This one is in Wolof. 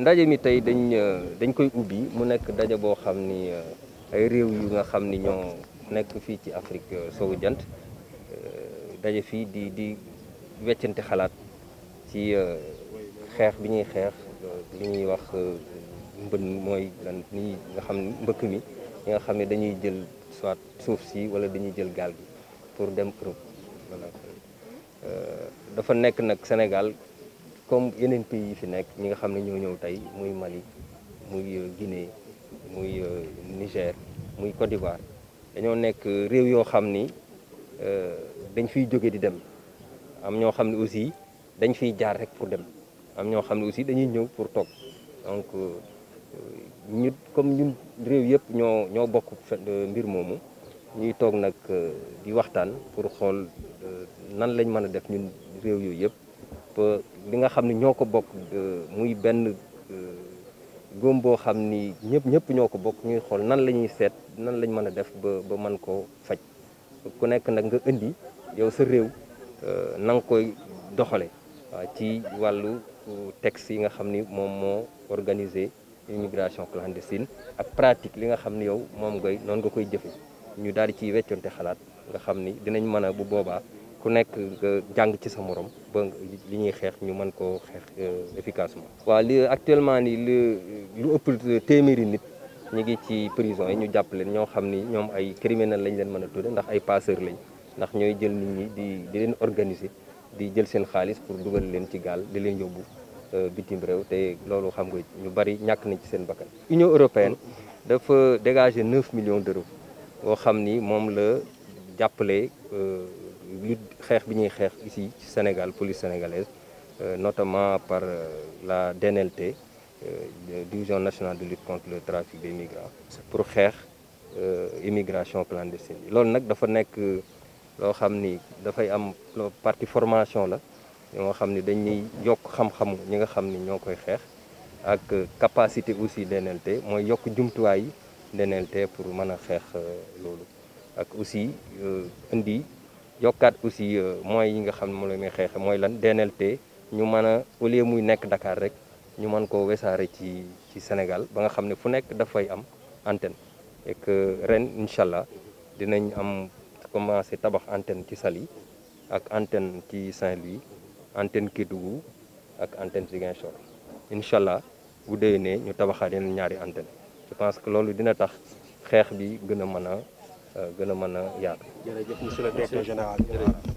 ndaje mi tey dañ euh, dañ koy ubbi mu nekk daje boo xam ni euh, ay réew yu nga xam ni ñoo nekk fii ci Afrique euh, sowu jant daje fii di di weccante xalaat ci xeex bi ñuy xeex li ñuy wax mbën mooy lan ni nga xam ni mbëkk mi ñi nga xam ne dañuy jël soit suuf si wala dañuy jël gaal gi pour dem Europe dafa nekk nag senegal comme yeneen pays yi fi nekk ñi nga xam ne ñoo ñëw tey muy Mali muy Guinée muy euh, Niger muy Côte d'Ivoire dañoo nekk réew yoo xam ni euh, dañ fiy jóge di dem am ñoo xam ne aussi dañ fiy jaar rek pour dem am ñoo xam ne aussi dañuy ñëw pour toog donc euh, ñu comme ñun réew yëpp ñoo ñoo bokk mbir moomu ñuy toog nag di waxtaan pour xool nan lañ mën a def ñun réew yooyu yëpp li nga xam ne ñoo ko bokk euh, muy benn euh, góom boo xam ni ñëpp ñëpp ñoo ko bokk ñuy xool nan la ñuy seet nan lañ mën a def ba ba mën koo faj ku nekk nag nga indi yow sa réew euh, na nga koy doxale waaw ci wàllu texte yi nga xam ni moom moo organiser immigration clandestine ak pratique li nga xam ni yow moom ngay noonu nga koy jëfe ñu daal di ciy weccoonte xalaat nga xam ni dinañ mën a bu boobaa ku nekk jàng ci sa morom ba li ñuy xeex ñu mën koo xeex euh, efficacement. waaw li actuellement ni lu lu ëpp téeméeri nit ñu ngi ci prison yi ñu jàpp leen ñoo xam ni ñoom ay criminel lañ leen mën a tudde ndax ay passeurs lañ ndax ñooy jël nit ñi di di leen organiser di jël seen xaalis pour dugal leen ci gaal di leen yóbbu euh, bitim réew te loolu xam nga ñu bari ñàkk nañ ci seen bakkan. Union européenne dafa dégager 9 millions d'euros boo xam ni moom la jàppale. Euh, lutte xeex bi ici au Sénégal police sénégalaise euh, notamment par euh, la DNLT euh, division nationale de lutte contre le trafic des migrants pour faire l'immigration clandestine bi loolu nag dafa partie de am partie formation la ñoo xam ni dañuy yokk xam fait, ñi nga xam ni ñoo ak capacité aussi DNLT mooy yokk jumtuwaay yi DNLT pour mën a xeex loolu ak aussi indi yokkaat aussi euh, mooy yi nga xam ne moom la muy xeexe mooy lan DNLT ñu mën a au lieu muy nekk Dakar rek ñu mën ko wesaare ci ci Sénégal ba nga xam ne fu nekk dafay am antenne ek que ren incha allah dinañ am commencé tabax antenne ci sali ak antenne ci Saint-Louis antenne Kédougou ak antenne Ziguinchor incha allah bu ne ñu tabaxaat yeneen ñaari antenne je pense que loolu dina tax xeex bi gën a mën a gën a mën a yaatu. jërëjëf monsieur le général.